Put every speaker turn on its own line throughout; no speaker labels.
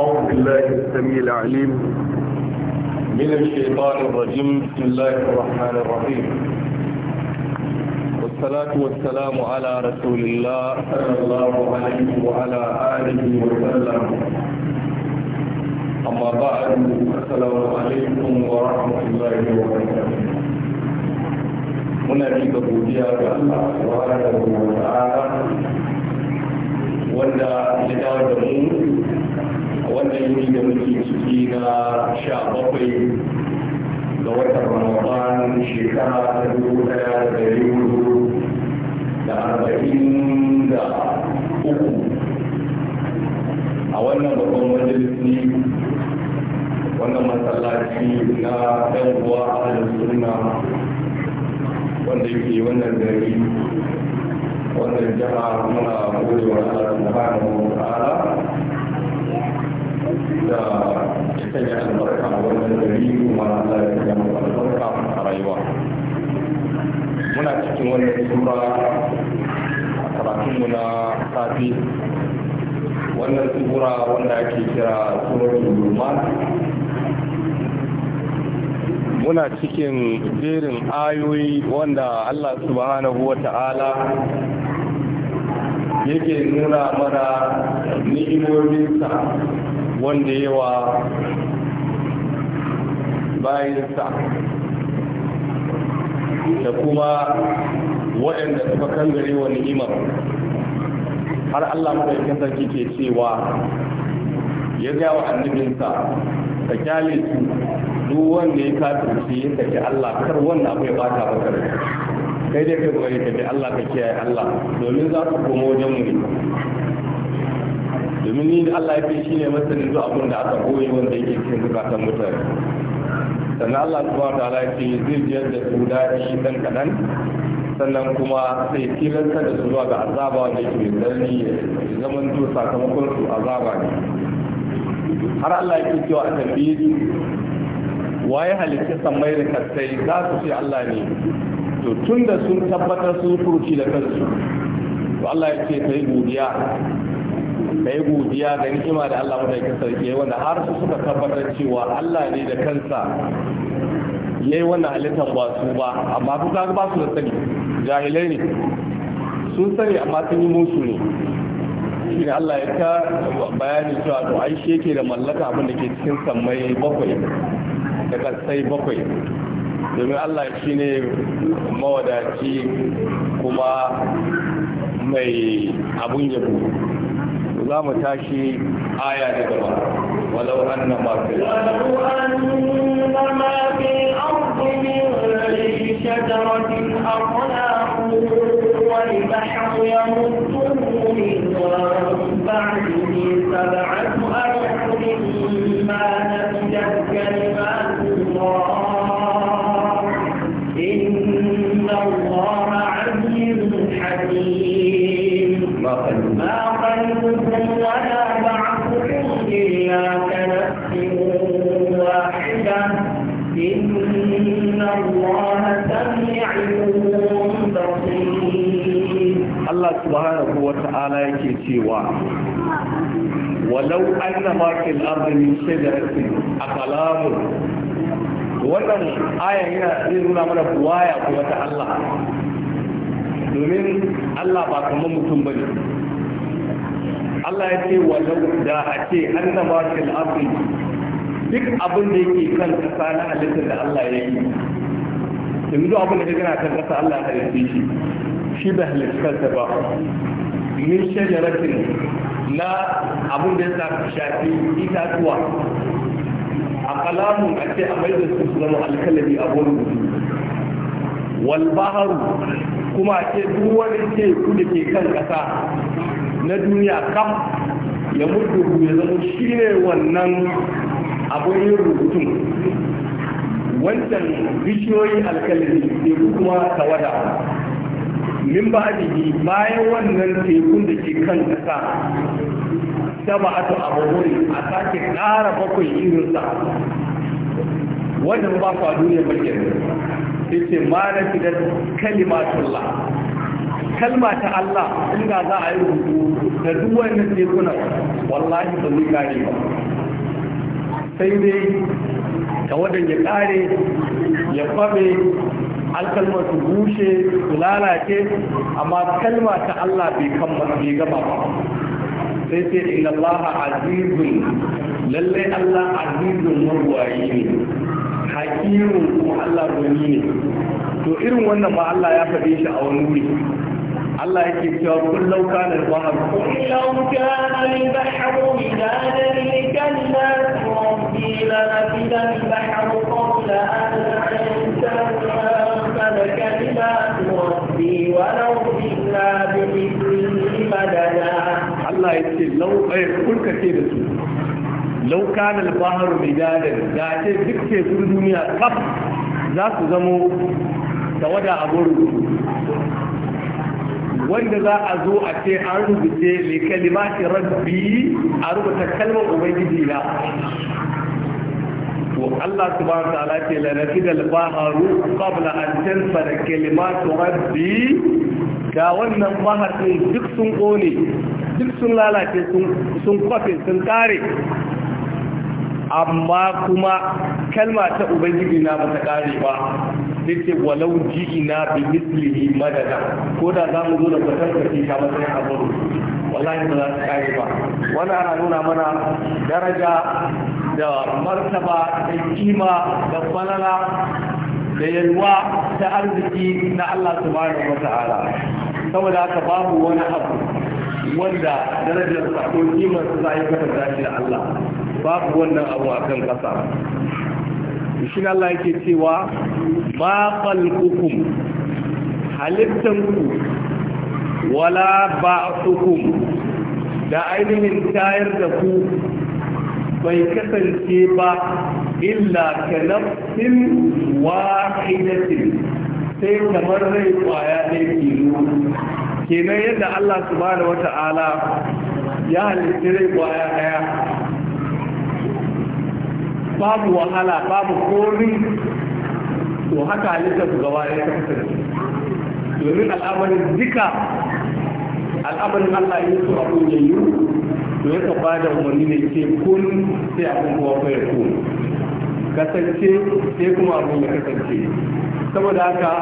أعوذ بالله السميع العليم من الشيطان الرجيم بسم الله الرحمن الرحيم والصلاة والسلام على رسول الله صلى الله عليه وعلى آله وسلم أما بعد السلام عليكم ورحمة الله وبركاته هنا miƙa godiya الله سبحانه وتعالى wa ta'ala wanda wannan yini da muke ciki na sha bakwai ga watan ramadan shekara ta dubu daya da dari da arba'in da uku a wannan babban majalisi wannan masallaci na ɗan uwa a sunna wanda yake wannan gari wannan jiha muna gode wa Allah subhanahu wa ta'ala da ya albarka a wannan gari kuma Allah ya albarka a rayuwa muna cikin wannan sura a karatunmu na safi wannan sura wanda ake kira suratul luman muna cikin jerin ayoyi wanda Allah subhanahu wa ta'ala yake nuna mana ni'imominsa wanda yi wa bayansa da kuma waɗanda suka kangare wa ni'imar har Allah madaukakin sarki ke cewa ya ga wa annabinsa ka kyale su duk wanda ya kafirce ya saki Allah kar wannan abu ya bata maka kai dai kai kokari ka bi Allah ka kiyaye Allah domin za su komo wajen mu domin ni da Allah ya fi ne masanin zuwa abin da aka koyi wanda yake cikin zukatan mutane sannan Allah ya ba da ce zai jiyar da su daɗi dan kaɗan sannan kuma sai tilasta da su zuwa ga azaba wanda yake mai tsanani ya zama to sakamakon su azaba ne har Allah ya fi cewa a tambaye waye halitta sammai da sai za su ce Allah ne to tun da sun tabbatar sun furuci da kansu to Allah ya ce ta yi godiya ka yi godiya ga ni'ima da Allah kan sarki yayi wanda har su suka tabbatar cewa Allah ne da kansa yayi wannan halittar ba su ba amma su kaga ba su da sani jahilai ne sun sani amma sun yi musu ne shi ne Allah ya ta bayani cewa to ai shi yake da mallaka abin da ke cikin sammai bakwai da kasai bakwai domin Allah shi ne mawadaci kuma mai abun yabo za mu tashi aya da gaba walau anna ma fi walau
ardi min wa al-bahru yamudduhu min ba'dihi sab'atu abhurin
subhanahu wa ta'ala yake cewa walau anna ma fil ardi min shajaratin aqlam wannan aya yana nuna mana buwaya ko ta Allah domin Allah ba kamar mutum bane Allah ya ce walau da a ce anna ma fil ardi duk abin da yake kan kasa na halittar da Allah ya yi yanzu abin da ya gana kan kasa Allah ya halitta shi shibah lilfalsafa min shajaratin na abin da ya shafi itatuwa a kalamun a ce a mai da su zama alkalami a wani mutum walbaharu kuma a ce duk wani teku da ke kan ƙasa na duniya kam ya mutu ya zama shi ne wannan abin yin rubutun wancan bishiyoyi alkalami teku kuma tawada min ba bayan wannan tekun da ke kan ƙasa saba'atu abubuwan a sake ƙara bakwai irin sa. wannan ba ku a duniya bakin yace ma na kalima kalimatullah kalma ta Allah inda za a yi rubutu da duk wannan tekunan wallahi ba zai kare ba sai dai ta wadan ya kare ya faɓe. alkalmar su bushe su lalace amma kalma ta Allah bai kan bai gaba ba sai sai inna Allah azizun lallai Allah azizun marwayi ne hakimun kuma Allah gani ne to irin wannan ma Allah ya faɗe shi a wani wuri الله يكتب كل لو كان البحر قل لو كان البحر مدادا لكلمات ربي
لنفد البحر
قبل أن
ولو جئنا بمثله مددا الله يقول لو قل كثير لو كان البحر مدادا da ce duk tekun duniya kaf za su zamo a
wanda
za a zo a ce an rubuce mai kalimati rabbi a rubuta kalmar ubangiji na to Allah subhanahu wa ta'ala ce la nafidal baharu qabla an tanfada kalimatu rabbi ga wannan bahar din duk sun kone duk sun lalace sun sun kwafe sun kare amma kuma kalma ta ubangiji na bata kare ba sai ce walau ji'ina bi mislihi madada ko da za mu zo da fatankaci ta matsayin abin wallahi ba za ta kare ba wannan ana nuna mana daraja da martaba da kima da falala da yalwa ta arziki na Allah subhanahu wa saboda haka babu wani abu wanda darajar sa ko kimar sa zai kwatanta shi da Allah babu wannan abu a kan kasa shi Allah yake cewa ma khalqukum halittanku wala ba'thukum da ainihin tayar da ku bai kasance ba illa ka nafsin wahidatin sai kamar rai kwaya ɗaya kilo kenan yadda Allah subhanahu wata'ala ya halitta rai kwaya ɗaya babu wahala babu kori to haka halitta su gaba ya kasance domin al'amarin duka al'amarin Allah ya so abu yayi to yaka ba da umarni ne ce kun sai abin kuwa fayar kun kasance sai kuma abin ya kasance saboda haka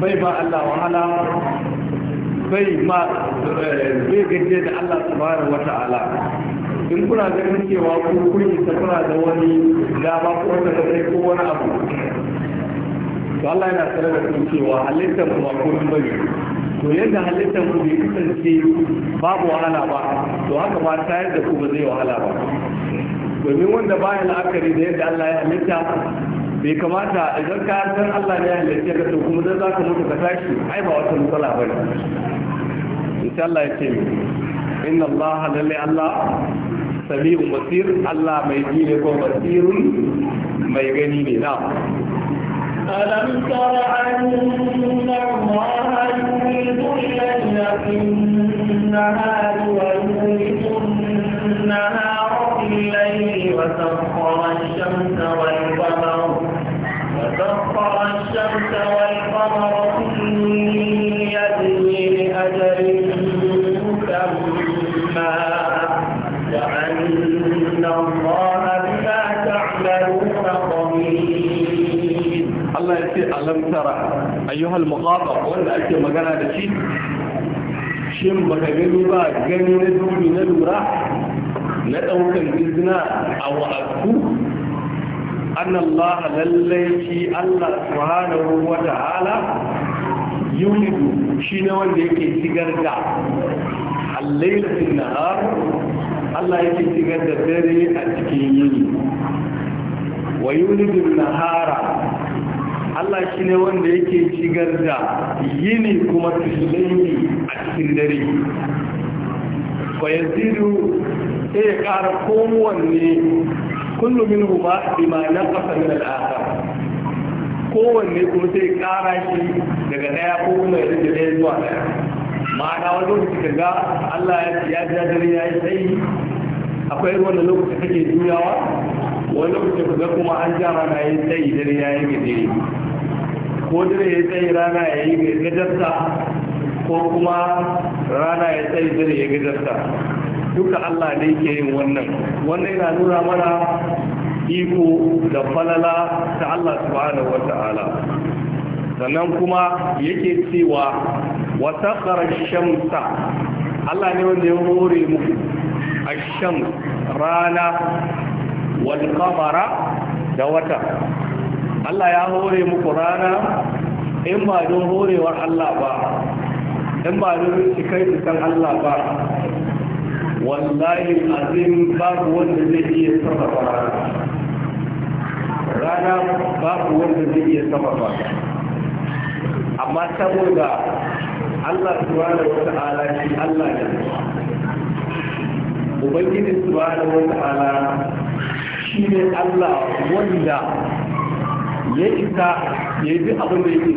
bai ba Allah wahala bai ma eh, bai gaje da Allah subhanahu wata'ala in kuna ganin cewa ku kun yi kuna da wani dama ko da kai ko wani abu to Allah yana tare da ku cewa halittar kuma kun bane to yadda halittar ku bai kasance babu wahala ba to haka ba tayar da ku ba zai wahala ba domin wanda baya la'akari da yadda Allah ya halitta bai kamata idan ka san Allah ne ya halitta ka to kuma zan za ka mutu ka tashi ai ba wata matsala ba ne insha Allah ya ce inna Allah lalle Allah sami'un basir Allah mai ji ne ko basirun mai gani ne na
ألم تر أن الله يولد الليل في النهار ويولد النهار في الليل وسخر الشمس والقمر
وسخر الشمس والقمر
fassara ayyuhal muqatab wanda ake magana da shi shin baka gani ba gani na dubi na lura na ɗaukan izina a wa'adku an Allah lallai shi Allah subhanahu wa ta'ala yulidu shi ne wanda yake sigar da allaitin nahar Allah yake shigar da dare a cikin yini wa yulidun nahara Allah shi ne wanda yake shigar da yini kuma tushilini a cikin dare fayazidu sai ya ƙara kowanne kullum min huba bima na ƙasa min al'ada kowanne kuma sai ya ƙara shi daga ɗaya ko kuma ya rage ɗaya zuwa ɗaya ma'ana wani lokaci ka ga Allah ya ja dare ya yi tsayi akwai wanda lokaci kake juyawa wani lokaci ka ga kuma an jara na yi tsayi dare ya yi gajere ko dare ya tsaye rana ya yi mai gajarta ko kuma rana ya tsaye dare ya gajarta duka Allah ne ke yin wannan wannan yana nuna mana iko da falala ta Allah subhanahu wata'ala sannan kuma yake cewa wa shamsa Allah ne wanda ya hore muku ashan rana wal da wata Allah ya hore muku rana in ba don horewar Allah ba in ba don cikai cikin Allah ba wallahi azim babu wanda zai iya sarrafa rana rana babu wanda zai iya sarrafa amma saboda Allah subhanahu wa ta'ala shi Allah ne ubangiji subhanahu wa ta'ala shi ne Allah wanda ya isa ya yi duk abin da ke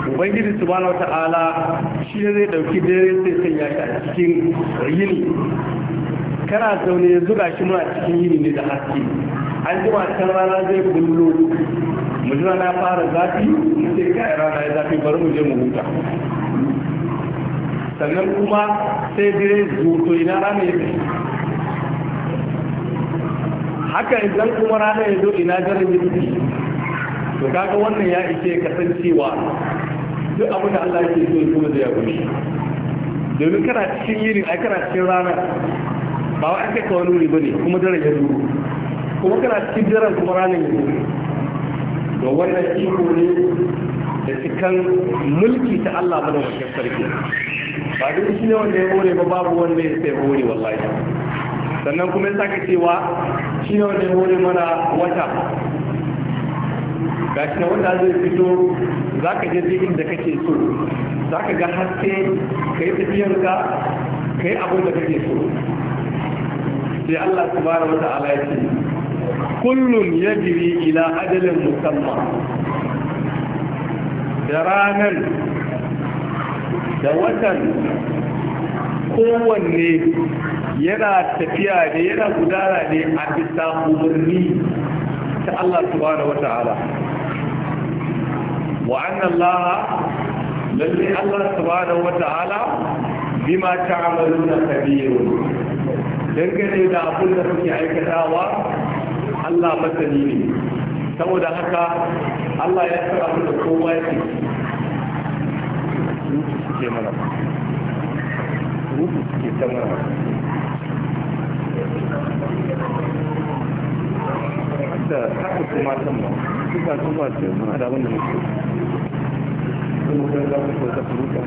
so ubangiji subhanahu shi ne zai dauki dare sai sai ya a cikin yini kana zaune ya zuga shi muna cikin yini ne da haske an jima can rana zai mu mutum rana fara zafi sai kai rana ya zafi bari mu je mu huta sannan kuma sai dire zuto ina rana ya haka idan kuma rana ya zo ina jarabin shi to kaga wannan ya ishe kasancewa duk abin da Allah ke so kuma zai yabo shi domin kana cikin yini ai kana cikin rana ba wa kai kawo wani wuri bane kuma daren ya zo kuma kana cikin daren kuma ranar ya zo to wannan iko ne da cikin mulki ta Allah mana wakil sarki ba duk shi ne wanda ya hore ba babu wanda ya sai hore wallahi sannan kuma ya saka cewa shi wanda ya mana wata ga shi na wanda zai fito za ka je jirgin da kake so za ka ga haske ka yi tafiyanka ka yi abin da kake so sai Allah subhanahu wa wata ya kullum ya jiri ila ajalin musamman da ranar da watan kowanne yana tafiya ne yana gudana ne a bisa umarni ta Allah subhanahu wata'ala wa annan laha lalle Allah subhanahu wata'ala bima ta'amaluna kabiru dangane da abin da kuke aikatawa Allah masani ne saboda haka Allah ya san abin
da kowa yake ke mana rubu ke ta mana
da haka kuma san ba suka zuwa ce muna da abin da muke sun ga za ku ta furuka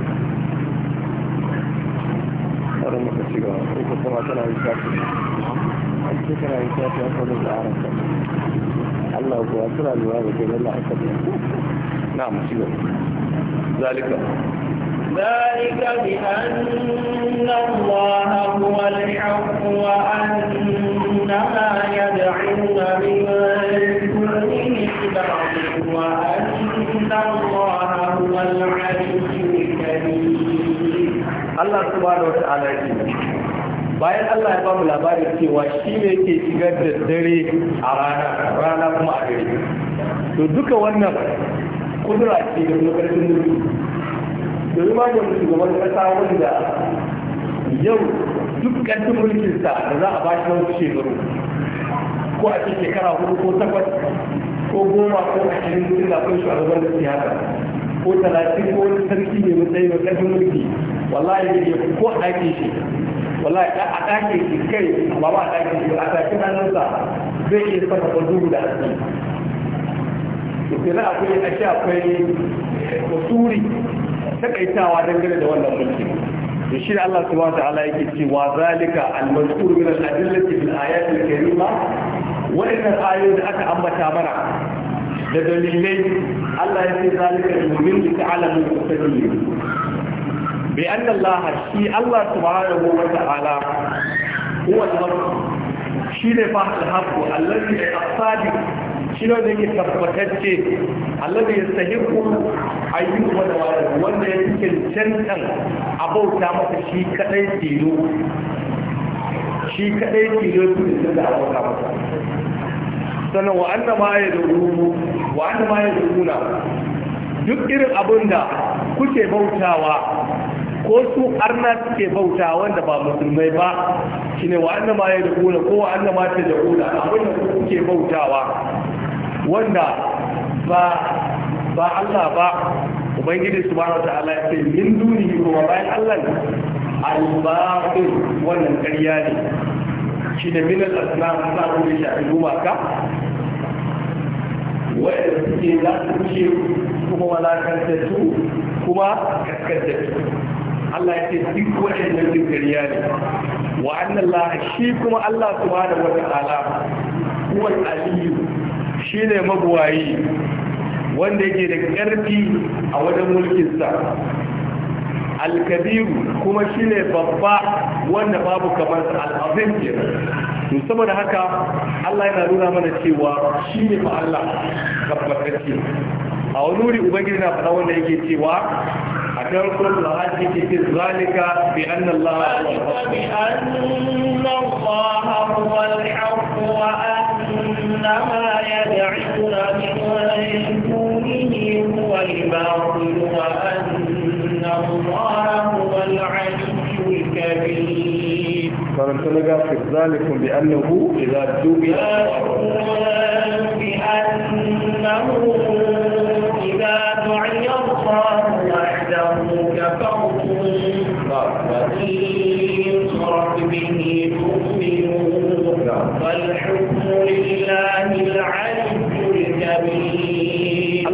tsarin muka ci gaba ko ka kuma tana yin shafi a cikin tana yin shafi a kwanin da aran kan Allah kuwa suna lura da gani Allah a kan na mu ci gaba zalika
ذلك بأن الله هو الحق وأن ما يدعون من وأن
الله هو الله سبحانه وتعالى bayan Allah ya bamu labarin cewa shi ne ke shigar da dare a rana rana kuma a dare to duka wannan kudura ce da kuma karfin domin ma da shugaban kasa wanda yau duk ƙarfin mulkinsa da za a ba shi wasu shekaru ko a ce shekara hudu ko takwas ko goma ko ashirin sun da kun shugaban da siyasa ko talatin ko wani sarki ne matsayi mai ƙarfin mulki wallahi da ya ko a ɗake shi wallahi a ɗake shi kai ba ba a ɗake shi a ɗake hannunsa zai iya saka ɓangare da aski to sai akwai ashe akwai wasuri takaitawa dangane da wannan mulki to shi Allah subhanahu ta'ala yake cewa zalika al-mazkur min al-adillati fil ayat al-karima wannan ayoyi da aka ambata mana da dalilai Allah ya ce zalika domin da ta'alamu da kusurri bai an Allah shi Allah subhanahu wa ta'ala huwa al-haqqu shi ne fa al-haqqu allazi yaqsadu shi ne da yake tabbatacce sahi ku ayyu wa dawara wanda ya yake cancan abauta masa shi kadai tilo shi kadai tilo tun da abauta masa sannan wa anna ma ya dubu wa anna ma ya dubuna duk irin abin da kuke bautawa ko su arna suke bauta wanda ba musulmai ba shine wa anna ma ya dubuna ko wa anna ma ta da abin da kuke bautawa wanda ba ba Allah ba ubangiji subhanahu wataala ya ce min duni kuma bayan Allah al-batil wannan ƙarya ne shi da min al-asnam suna rubuta shafi gumaka wa'anda suke za su kushe kuma malakantattu kuma kaskantattu Allah ya ce duk waɗannan duk ƙarya ne wa annan shi kuma Allah da wataala huwa al Aliyu. shine mabuwayi wanda yake da ƙarfi a wajen mulkinsa alkabiru kuma ne babba wanda babu kamar al'azim kenan to saboda haka Allah yana nuna mana cewa ne fa Allah tabbatacce a wani wuri ubangiji na faɗa wanda yake cewa a kan kullum ke ce zalika bi anna Allah wa
bi
anna Allah huwa al إنما يدعون من دونه هو الباطل وأن الله هو العلي الكبير فنبتلغ
في ذلك بأنه إذا دبر
بأنه
إذا
دعي الله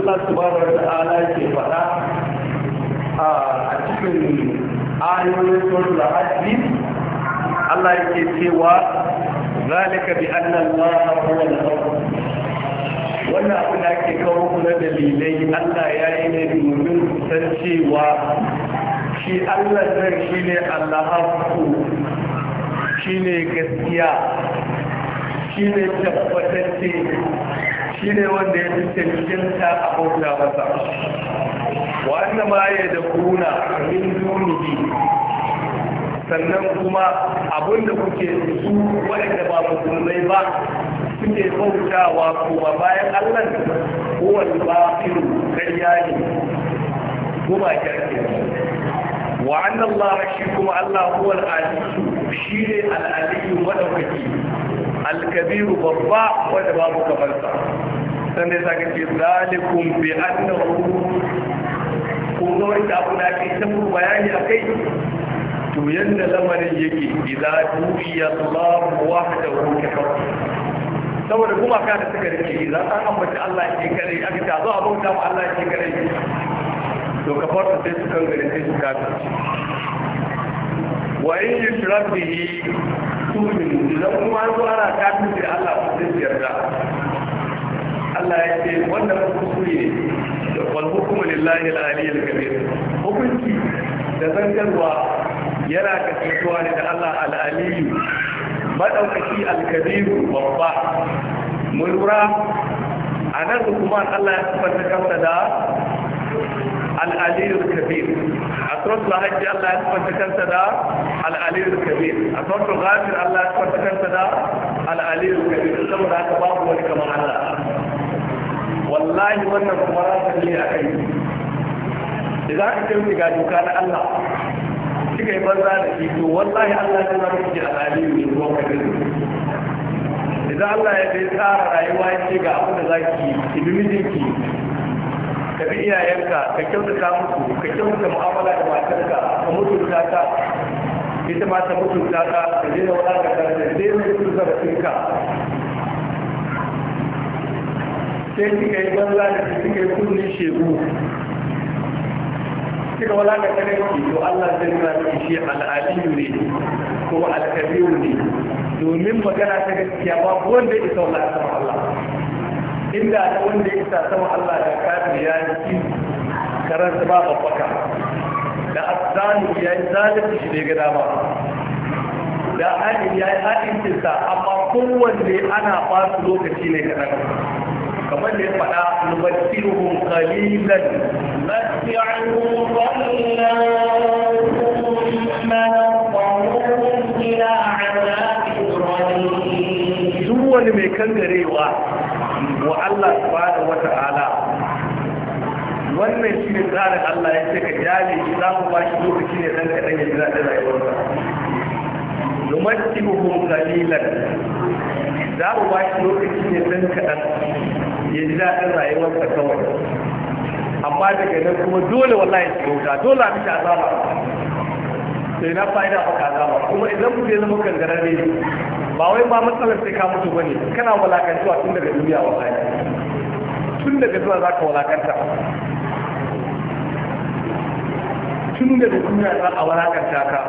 Allah subhanahu wa
ta'ala ke faɗa a cikin ayoyin suratul hajji Allah yake cewa zalika bi anna Allah huwa al-rabb wannan abu da ake kawo na dalilai Allah ya yi ne domin san cewa shi Allah zan shi ne Allah shi ne gaskiya shi ne tabbatacce shi ne wanda ya fi cancanta a bauta masa wanda ma ya da kuna min dunihi sannan kuma abinda kuke su waɗanda ba musulmai ba suke bautawa kuma bayan allah kowal bafiru karya ne kuma kyarke wa annan shi kuma allah kowal alisu shi ne al'aliyu al alkabiru babba wanda babu kamarsa san dai saka ce zalikum bi annahu ku ga da abu da ake ta bayani akai to yanda lamarin yake idza du'iya Allahu wahdahu kafartu saboda kuma ka da suka rike idza an ambata Allah ke kare aka ta zo a bauta ma Allah ke kare to ta sai su kan gare sai su kafirci wa in yushrak bihi tu'min idan kuma an zo ana kafirci Allah ya su yarda Allah ya ce wannan kuskure ne wal hukmu lillahi al-aliyyil kabir hukunci da zangarwa yana kasancewa ne da Allah al-aliyyu madaukaki al-kabir babba mun lura a nan kuma Allah ya tabbata kansa da العلي الكبير أترك لهج الله يثبت كنت دا العلي الكبير أترك غافر الله يثبت كنت دا العلي الكبير سمنا كباب ولك مع wallahi wannan kuma rasar ne kai. yi idan aka kai ga doka na Allah kika yi banza da shi to wallahi Allah ya zama miki al'ali ne ruwan kabir idan Allah ya bai tsara rayuwa ya ce ga abu da zaki ki bi mijinki ka bi iyayenka ka kyautata musu ka kyautata mu'amala da matarka ka mutunta ta ita ma ta mutunta ka ka ta wadatar da daina mutunta da sai kika yi banza da kika yi kullun shegu kika wala ka kare ki to Allah zai nuna miki shi al'aliyu ne kuma al-kabiru ne domin magana ta gaskiya ba wanda ya isa wala sama Allah inda ta wanda ya isa sama Allah da kafir ya yi karar ba babbaka da asanu ya yi zalunci shi ne ga dama da hadin ya yi hadin cinsa amma kowanne ana ba su lokaci ne kaɗan kamar da ya faɗa nubatiruhum qalilan matti'uhum qallan thumma
nadharuhum ila adhabin rahim duk wani
mai kangarewa wa Allah subhanahu wata'ala wannan shi ne tsarin Allah ya ce ka jale shi za mu ba shi lokaci ne dan kaɗan ya jira da rayuwarsa numattibuhum qalilan za mu ba shi lokaci ne dan kaɗan ya ji daɗin rayuwarsa kawai amma daga nan kuma dole wallahi shiga wuta dole a miki azaba sai na fa'ida ba ka azaba kuma idan mutum ya zama ne ba wai ba matsalar sai ka mutu bane kana walakantuwa tun daga duniya wallahi tun daga zuwa za ka walakanta tun daga duniya za a walakanta ka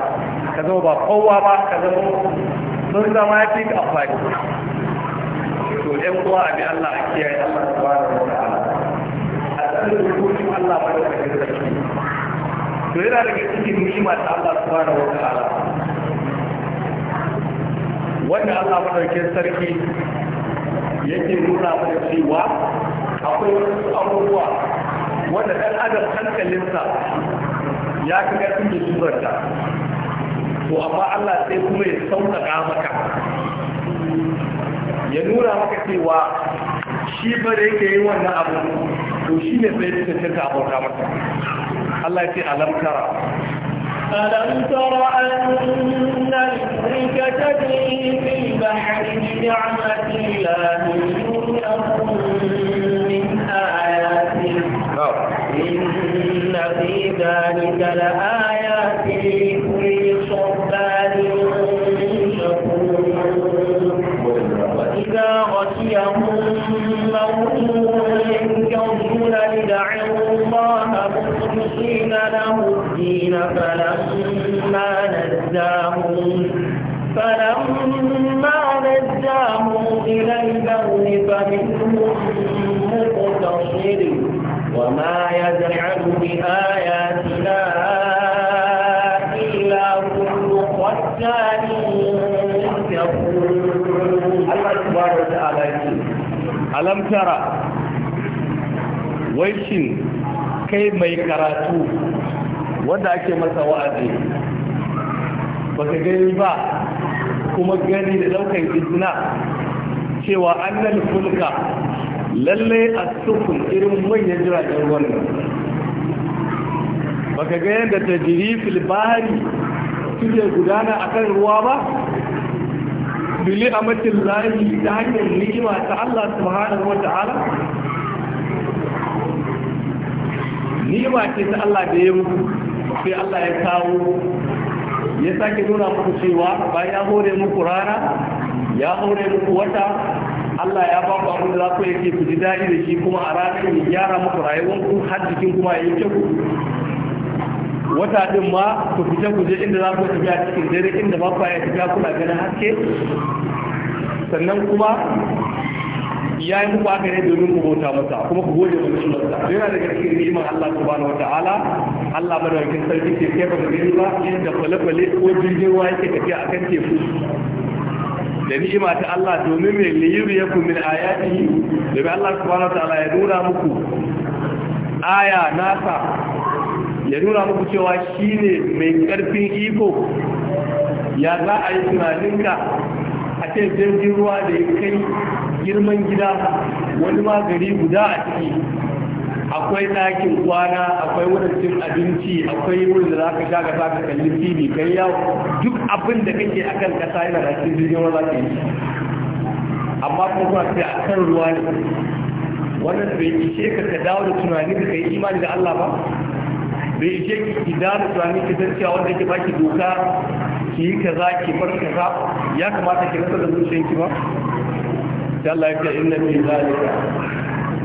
ka zama ba kowa ba ka zama sun zama ya fi amfani to ɗan uwa a Allah a kiyaye Allah subhanahu wa ta'ala a tsarin dokokin Allah ba da kake sarki to yana daga cikin ni'ima ta Allah da wa ta'ala wanda Allah madaukakin sarki yake nuna mana cewa akwai wasu abubuwa wanda ɗan adam hankalinsa ya fi ƙarfin da suzarta to amma Allah sai kuma ya sauƙaƙa maka ya nuna maka cewa shi ba da yake yi wannan abu to shi ne sai ya cancanta a bauta mata Allah ya ce alam tara
alam tara anna al-fulka tajri fil bahri bi ni'matillahi yuriyakum min ayatihi inna fi dhalika la نجاهم فلما نجاهم إلى البر فمنهم مقتصر وما يجعل بآياتنا إلا كل
ختان ألم ترى ويشن كيف ما karatu wanda ake masa wa'azi ba ka gani ba kuma gani da daukan izina cewa annan fulka lallai a sukun irin manyan jiragen ruwan nan ba ka ga yadda ta jiri filbari suke gudana a kan ruwa ba bili a matin layi ta hanyar ni'ima ta Allah subhanahu wa ta'ala ni'ima ce ta Allah da ya mutu sai Allah ya kawo ya sake nuna muku cewa bayan ya hore muku rana ya hore muku wata Allah ya ba ku abin da za ku yake ku ji daɗi da shi kuma a ranar ya gyara muku ku har jikin kuma ya yi wata din ma ku fita kuje je inda za ku tafiya cikin dare inda ba ku ya tafiya kuna ganin haske sannan kuma ya yi muku aka ne domin ku bauta masa kuma ku gode wa masa. yana daga cikin ni'imar Allah subhanahu wata'ala Allah madaukakin sarki ke ke ba gani ba inda kwale-kwale ko jirgin ruwa yake tafiya akan teku da ni'ima ta Allah domin mai liyiru ya kun min ayati bai Allah subhanahu ta'ala ya nuna muku aya nasa ya nuna muku cewa ne mai karfin iko ya za a yi tunaninka a ce jirgin ruwa da ya kai girman gida wani magari guda a
ciki akwai ɗakin kwana akwai wurin cin abinci akwai
wurin da za ka sha gasa ka kalli tv kai yawo duk abin da kake akan kasa yana da cikin jirgin ruwa za ka yi amma kuma sai a kan ruwa ne wannan bai ishe ka ka dawo da tunani ka yi imani da Allah ba bai ishe ki dawo da tunani ki san cewa wanda ba baki doka ki yi kaza ki bar kaza ya kamata ki rasa da zuciyarki ba sai Allah ya ce inna fi zalika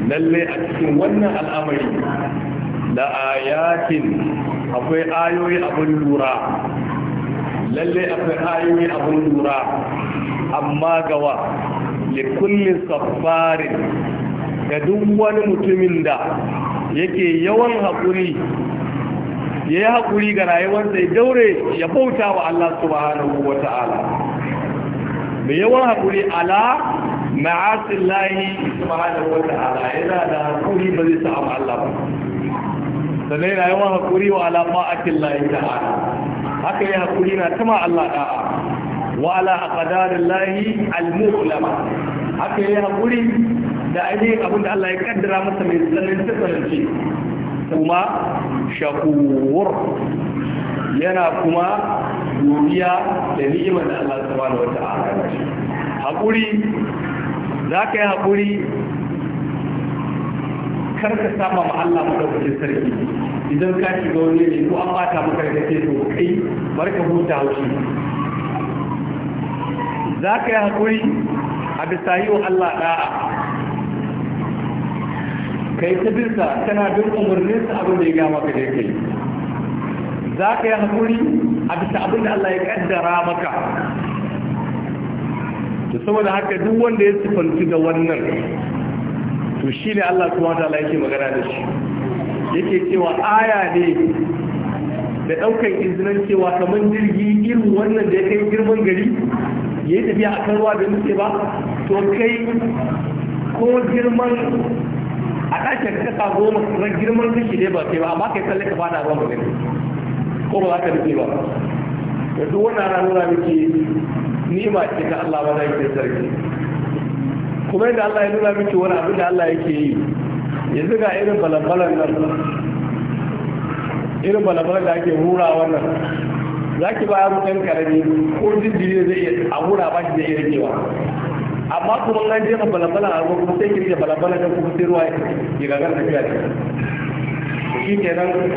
Lallai a cikin wannan al'amari da ayatin akwai ayoyi abin lura lallai akwai ayoyi abin lura amma gawa da kullum safarin ga duk wani mutumin da yake yawan haƙuri ya yi haƙuri ga da ya daure ya bauta wa Allah subhanahu wa ta'ala mai yawan haƙuri ala ma'asin lahi subhanahu wa yana da hakuri ba zai samu Allah ba sannan yana yawan hakuri wa ala ma'akin haka ya hakuri na Allah al haka ya hakuri da ainihin abinda Allah ya kaddara masa mai tsananci tsananci kuma shakur yana kuma godiya da ni'imar da Allah subhanahu wa ta'ala ya bashi hakuri za ka yi haƙuri karka saba ma Allah maɗaukakin sarki idan ka shiga wani ne ko an ɓata maka da kake to kai bar ka huta haushi za ka yi haƙuri a bisa yi wa Allah ɗa'a ka yi ta birsa tana bin umarninsa abin da ya gama ka da kai za ka yi haƙuri a bisa abin da Allah ya ƙaddara maka to saboda haka duk wanda ya sifanci da wannan to shi ne Allah kuma ta yake magana da shi yake cewa aya ne da ɗaukar izinin cewa kamar jirgi irin wannan da ya kai girman gari ya yi tafiya a kan ruwa da nuke ba to kai ko girman a ɗakin kasa goma na girman kashi ne ba kai ba amma kai tsalle ka fada ba mu ko ba za ka nuke ba yanzu wannan ranar ranura muke Ni ma ce ta Allah ba zai sarki kuma yadda Allah ya nuna miki wani abin da Allah yake yi yanzu ga irin balabalan nan irin balabalan da ake hura wannan za ki ba yaro ɗan karami ko jinjiri zai iya a hura ba shi zai iya rikewa amma kuma an jefa balabalan a ruwa kuma sai ki rike balabalan ɗan kuma sai ruwa ya gagar tafiya da shi kenan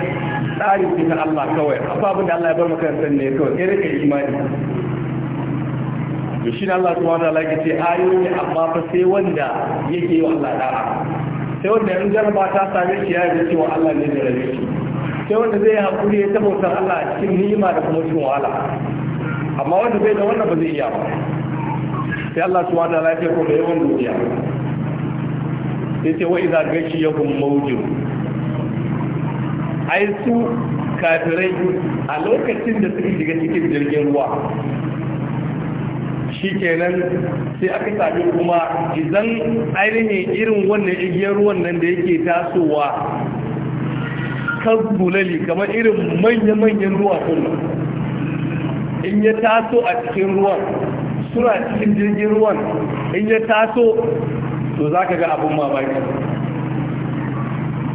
tsarin cikin Allah kawai ababin da Allah ya bar makarantar ne kawai sai rike imani to shi na Allah subhanahu wataala yake ce ayoyi amma fa sai wanda yake yi wa Allah da'a sai wanda in jarba ta same shi ya yi wa Allah ne da rabe shi sai wanda zai hakuri ya tabbatar Allah a cikin ni'ima da kuma cikin wahala amma wanda bai da wannan ba zai iya ba sai Allah subhanahu ya ce ko bai yawan duniya ce wa idza gashi yakum mawjud ai su kafirai a lokacin da suke shiga cikin jirgin ruwa shikenan sai aka sami kuma idan ainihin irin wannan igiyar ruwan nan da yake tasowa kasbulali kamar irin manya-manyan ruwa kuma in ya taso a cikin ruwan suna cikin jirgin ruwan in ya taso to za ka ga abin mamaki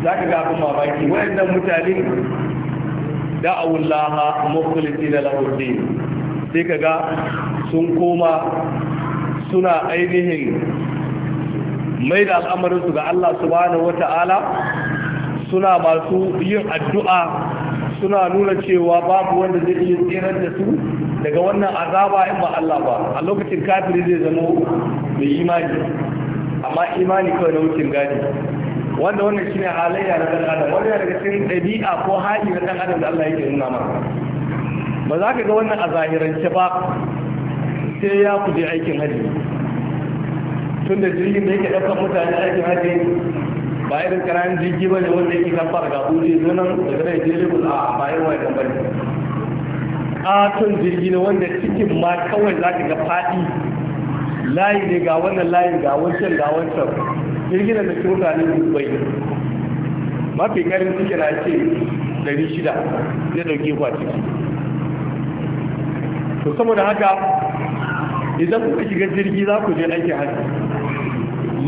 za ka ga abin mamaki waɗannan mutane da'awun da'awullaha makulisi da lahurdin sai ka ga sun koma suna ainihin mai da al'amarinsu ga Allah subhanahu wa ta'ala suna masu yin addu'a suna nuna cewa babu wanda zai iya tsirar da su daga wannan azaba in ba Allah ba a lokacin kafiri zai zama mai imani amma imani kawai na wucin gadi wanda wannan shi ne halayya na dan adam wanda daga cikin ɗabi'a ko hali na dan adam da Allah yake nuna mana ba za ka ga wannan a zahirance ba sai ya kuje aikin haji tun da jirgin da yake ɗaukar mutane aikin haji ba irin ƙananan jirgi ba ne wanda yake kafar ga kuje zonan da zai je lagos a bayan wani kamfani katon jirgi ne wanda cikin ma kawai za ka ga faɗi layi ne ga wannan layi, ga wancan ga wancan jirgin da ke mutane dubai mafi karin suke na ce shida, zai dauke kwa ciki to saboda haka idan kuka shiga jirgi za ku je aikin hajji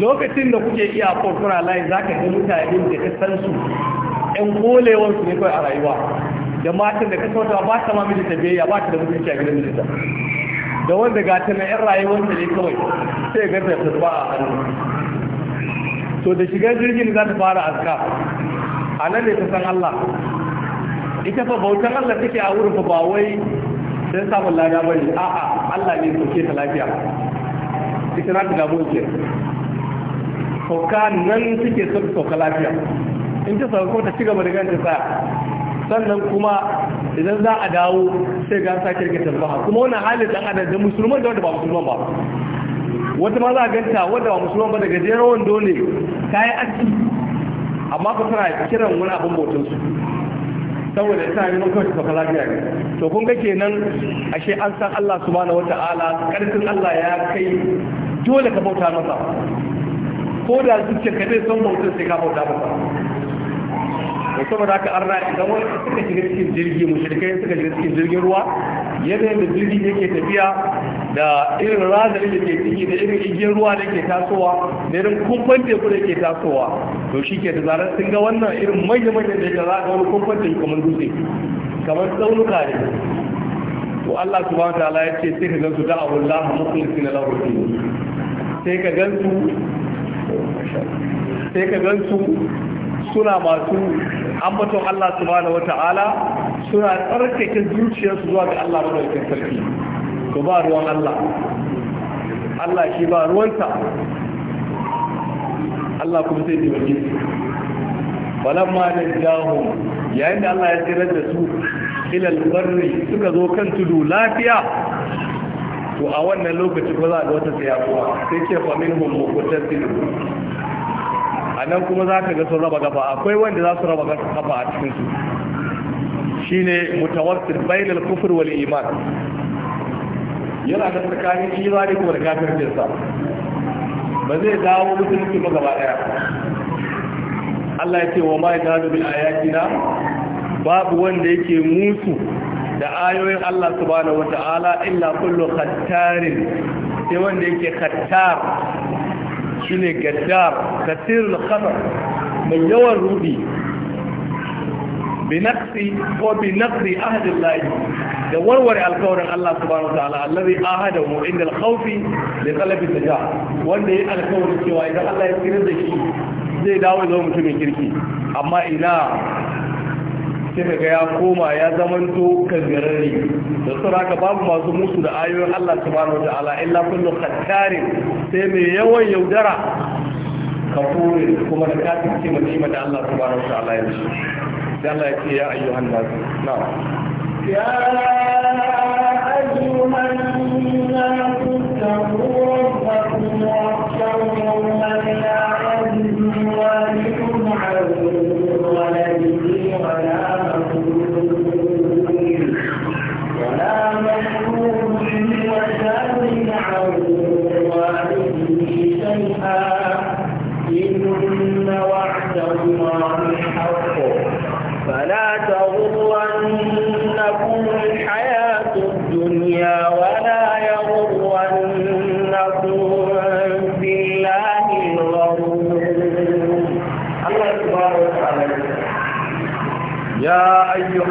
lokacin da kuke iya kokura layi za ka ga mutane da ka san su ɗan kolewarsu ne kawai a rayuwa da matan da ka sauta ba ta ma mijinta biyayya ba ta da mutunci a gidan mijinta da wanda ga ta na yan rayuwarsa ne kawai sai ga ta ba a hannu to da shigar jirgin za ta fara aska a nan ne ta san Allah ita fa bautan Allah take a wurin fa ba wai don samun lada bane a'a Allah ne sauke ta lafiya ita na ta boke ke sauka nan suke sun sauka lafiya in ta sauka ko ta ci gaba da ganta sa sannan kuma idan za a dawo sai ga sa kirga tambaha kuma wannan halin dan adam da musulman da wanda ba musulman ba wata ma za a ganta wanda ba musulman ba daga jerawan wando ne ta yi aski amma ku tana kiran wani abin bautinsu saboda ita ne mun kawai ta lafiya ne to kun ga kenan ashe an san Allah subhanahu wata'ala karfin Allah ya kai dole ka bauta masa ko da zuciyar ka zai son bauta sai ka bauta masa to saboda haka arna idan wani suka shiga cikin jirgi mushrikai suka shiga cikin jirgin ruwa yanayin da jirgin yake tafiya da irin razali da ke ciki da irin igiyar ruwa da ke tasowa da irin kumfan teku da ke tasowa to shi ke da zarar sun ga wannan irin manya-manyan da ya zaɗa wani kumfan teku kamar dutse kamar tsaunuka ne to Allah subhanahu ta'ala ya ce sai ka gansu da abun laha musulmi na lahurki sai ka gansu sai ka gansu suna masu ambaton Allah subhanahu Ta'ala. suna tsarkake zuciyarsu zuwa ga Allah da wajen sarki to ba ruwan Allah Allah shi ba ruwanta. Allah kuma sai taimake su ma da jahu yayin da Allah ya tsirar da su ilal barri suka zo kan tudu lafiya to a wannan lokaci ba za a ga wata tsayawa sai ce fa tudu A nan kuma za ka ga sun raba gafa akwai wanda za su raba gafa a cikin su shine mutawassit bainal kufur wal iman yana da tsakanin imani kuma da kafircin ba zai dawo musulunci ba gaba daya Allah ya ce wa ma yadu bi ayatina babu wanda yake musu da ayoyin Allah subhanahu wata'ala illa kullu khattarin sai wanda yake khattar shine gaddar katirul khatar mai yawan ruɗi. بنقص وبنقص عهد الله ده ورور القول الله سبحانه وتعالى الذي عاهده عند الخوف لطلب النجاة wanda ya alƙawarin cewa idan Allah ya tsira shi zai dawo zama mutumin kirki amma ina sai daga ya koma ya zamanto kangararre da su raka babu masu musu da ayoyin Allah subhanahu wata'ala illa kullu khattarin sai mai yawan yaudara kafurin kuma da kafin ce mai da Allah subhanahu ya shi dan Allah ya ce ya ayyuhan na'am ya
ayyuhan nasu taqwa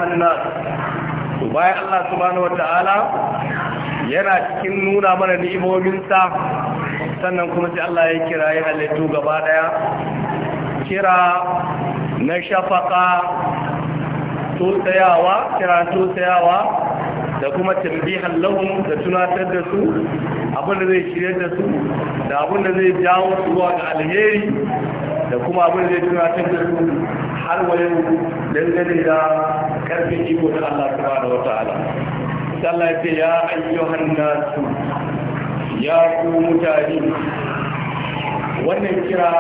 ayyuhan nas to bayan Allah subhanahu wataala yana cikin nuna mana ni'imominsa sannan kuma sai Allah ya kira ya halittu gaba daya kira na shafaka tsayawa kira tsayawa da kuma tambihan lahum da tunatar da su abin da zai shirye da su da abin da zai jawo su zuwa ga alheri da kuma abin da zai tunatar da su har wayo dangane da karfin iko na Allah subhanahu wataala Allah ya ce ya ayyuhan nasu ya ku mutane wannan kira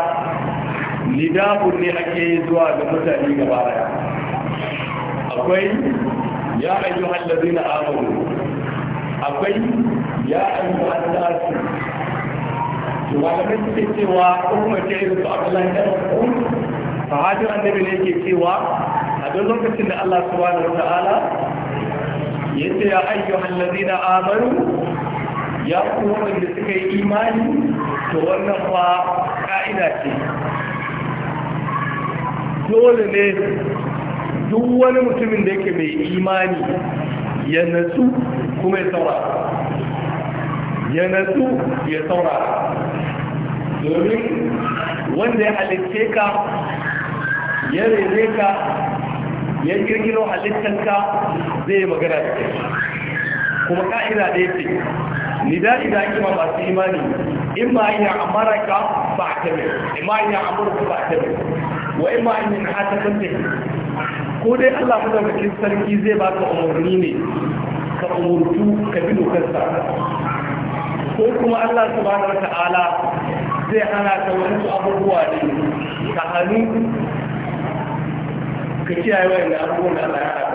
nidabun ne ake zuwa ga mutane gaba daya akwai ya ayyuhan ladina amanu akwai ya ayyuhan nasu malamai suke cewa umar ta su abdullahi da fa hajjar annabi ne ke cewa don lokacin da Allah subhanahu wata'ala ya ce ya ayyuhan na amaru ya ku wanda suka yi imani to wannan ba ka'ida ce dole ne duk wani mutumin da yake mai imani ya nasu kuma ya saura, ya nasu ya saura. domin wanda ya halitteka, ya rere ka ya kirkiro halittanka zai magana da kai kuma ka'ida ɗaya ce nida idan kima masu imani in ma iya amara ka ba a tabi in ma iya amara ka ba a tabi wa in ma yi na hata kan ko dai allah madaukakin sarki zai ba ka umarni ne ka umurtu ka bi dokarsa ko kuma allah subhanahu wa ta'ala zai hana ta wani abubuwa ne ka hannu ka kiyaye wayan da abubuwan da Allah ya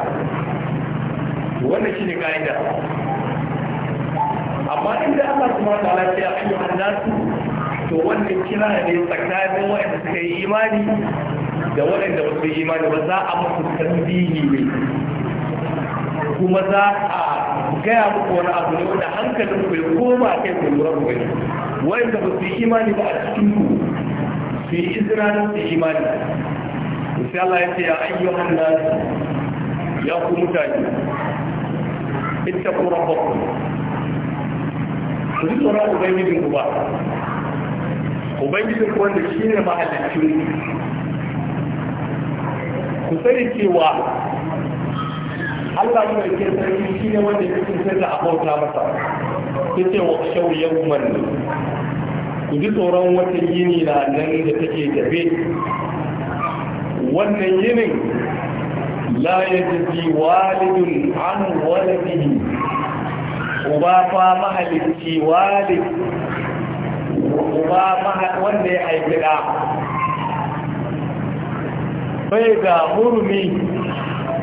haɗa wannan shi ne ka'ida amma inda Allah kuma ta lafi a cikin hannasu to wannan kira ne tsakanin waɗanda suka yi imani da waɗanda ba su yi imani ba za a musu tambihi ne kuma za a gaya muku wani abu ne wanda hankalin ku ya koma kai ku lura ku gani waɗanda ba su yi imani ba a cikin ku su yi izina su yi imani sai Allah ya ce ya ayyuhan nas ya ku mutane ittaqu rabbakum ku ji tsoron ubangijin ku ba ubangijin ku wanda shi shine mahalicci ku sani cewa Allah ne ke sarki ne wanda yake sai da abauta masa ce wa shaw yawman ku ji tsoron wata yini na nan da take tafe wannan yinin la yajzi walidun an waladihi uba fa mahalicci walid uba wanda ya haifi da bai da hurumi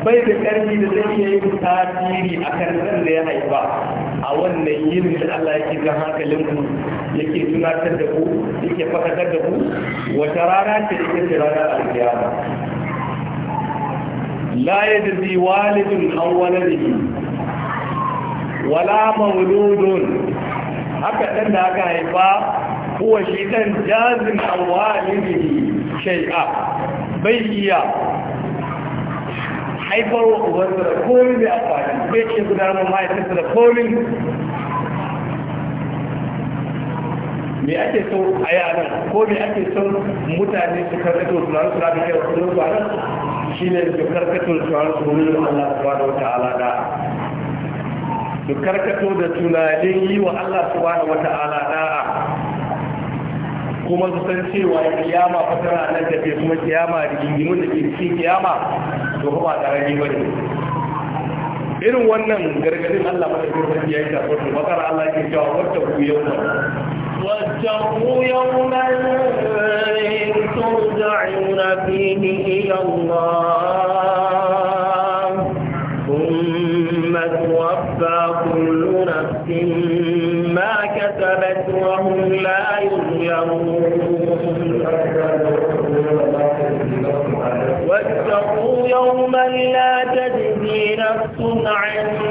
bai da ƙarfi da zai iya yin tasiri a kan da ya haifa a wannan yin da Allah yake jan hankalin ku yake tunatar da ku yake fakatar da ku wata rana ce ita ce ranar alkiyama la yajzi walidun an wala mawludun haka dan da aka haifa kuwa shi dan jazin an shay'a bai iya haifar wa ubansa da komi mai amfani bai ce gudanar mahaifinsa da komi me ake so a yanar ko me ake so mutane su karkato su ranar kai bikin wasu ba nan shi ne su karkato su ranar su wurin Allah subhanahu da wata da su karkato da tunanin yi wa Allah da wata ta'ala da'a kuma su san cewa kiyama fa nan tafe kuma kiyama rigingimu da ke cikin kiyama to ba karami ba ne irin wannan gargadin Allah ba da kirkar ya yi ko bakar Allah ke cewa wata ku yau ba
wata ku yau na turja'una fihi ila Allah عن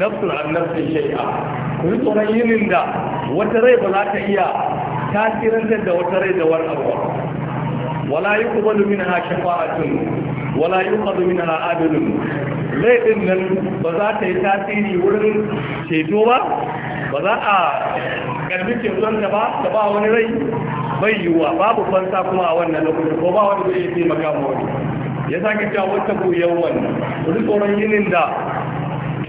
nafsun an nafsun shai'a ku yi tsoron yinin da wata rai ba za ta iya tasirantar da wata rai da wani abu wala yi kuma lumina ha tun, wala yi kuma lumina ha adalun laifin nan ba za ta yi tasiri wurin ceto ba ba za a karbi ceton da ba da ba wani rai bai yiwuwa babu fansa kuma a wannan lokacin ko ba wani zai taimaka ma wani ya sake cewa wata bu yawan ku tsoron yinin da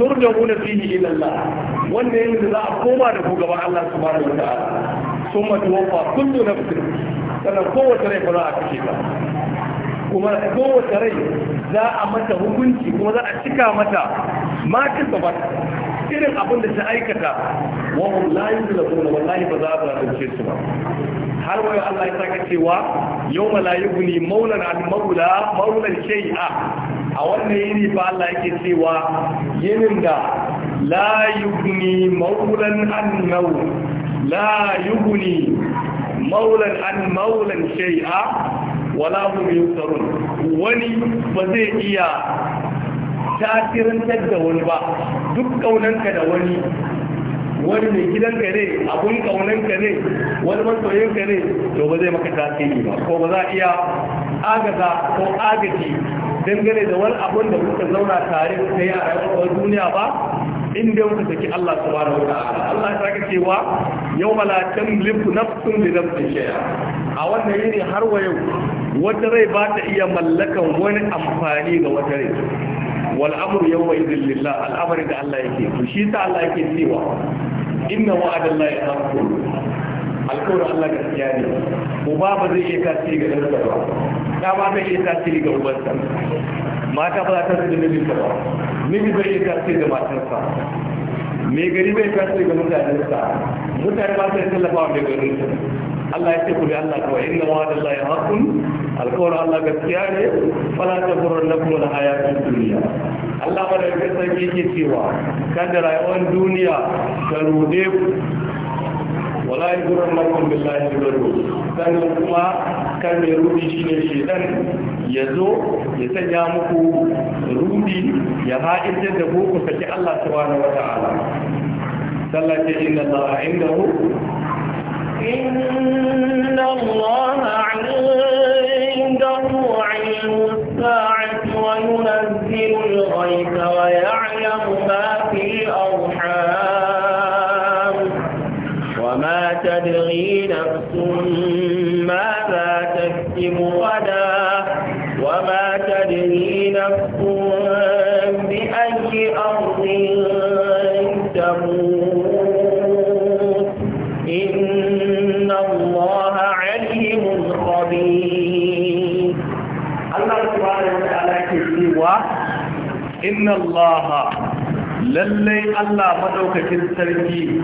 muna fihi ila Allah wanda yanzu za a koma da ku gaban Allah subhanahu wa ta'ala summa tuwaffa kullu nafsin sannan kowace rai ba za a kashe ba. kuma kowace rai za a mata hukunci kuma za a cika mata matin da ba irin abin da ta aikata wa hum la yuzlamuna wallahi ba za a zalunce su ba har wayo Allah ya saka cewa yawma la yughni maulan al maula maulan shay'a a wannan yini ba Allah yake cewa yinin da la yugni maulan an nau la yugni maulan an maulan shay'a wala hum yusarun wani ba zai iya tasirantar da wani ba duk kaunanka da wani wani mai gidanka ne abun ka ne wani masoyinka ne to ba zai maka tasiri ba ko ba za a iya agaza ko agaji dangane da wani abun da kuka zauna tare da yi a rayuwar duniya ba inda kuka saki Allah subhanahu wa ta'ala Allah ya saka cewa yau la tamliku nafsun li nafsin shay'a a wannan yini har wa yau wata rai ba ta iya mallakan wani amfani ga wata rai wal amru yawma idhil lillah al da Allah yake to shi ta Allah yake cewa inna wa'adallahi haqqun alƙawarin Allah gaskiya ne ko ba ba zai iya kasi ga ɗansa ba ta ma bai iya tasiri ga ubansa mata ba za ta da mijinta ba miji bai iya tasiri ga matarsa mai gari bai tasiri ga mutanensa mutane ba sai tallafa wa mai garin Allah ya ce ku bi Allah kawai inna ma da Allah ya hakun alkawar Allah gaskiya ne fala ta furar na kuma da hayatun duniya Allah ba da ya sarki yake cewa kan da rayuwar duniya ta rude ku wala yi zurar na kuma billahi da sannan kuma kan mai rudi shi ne shedan ya zo ya sanya muku rudi ya ha'intar da ku saki Allah subhanahu wa ta'ala sallah ce inna Allah indahu
inna Allah indahu ilmu sa'ati wa yunzilu al-ghaytha wa ya'lamu ma fi al-arham wa ma tadri nafsun ma تكسب غدا وما تدري نفس بأي أرض تموت إن الله عليم خبير
الله سبحانه وتعالى كتب إن الله lallai Allah maɗaukakin sarki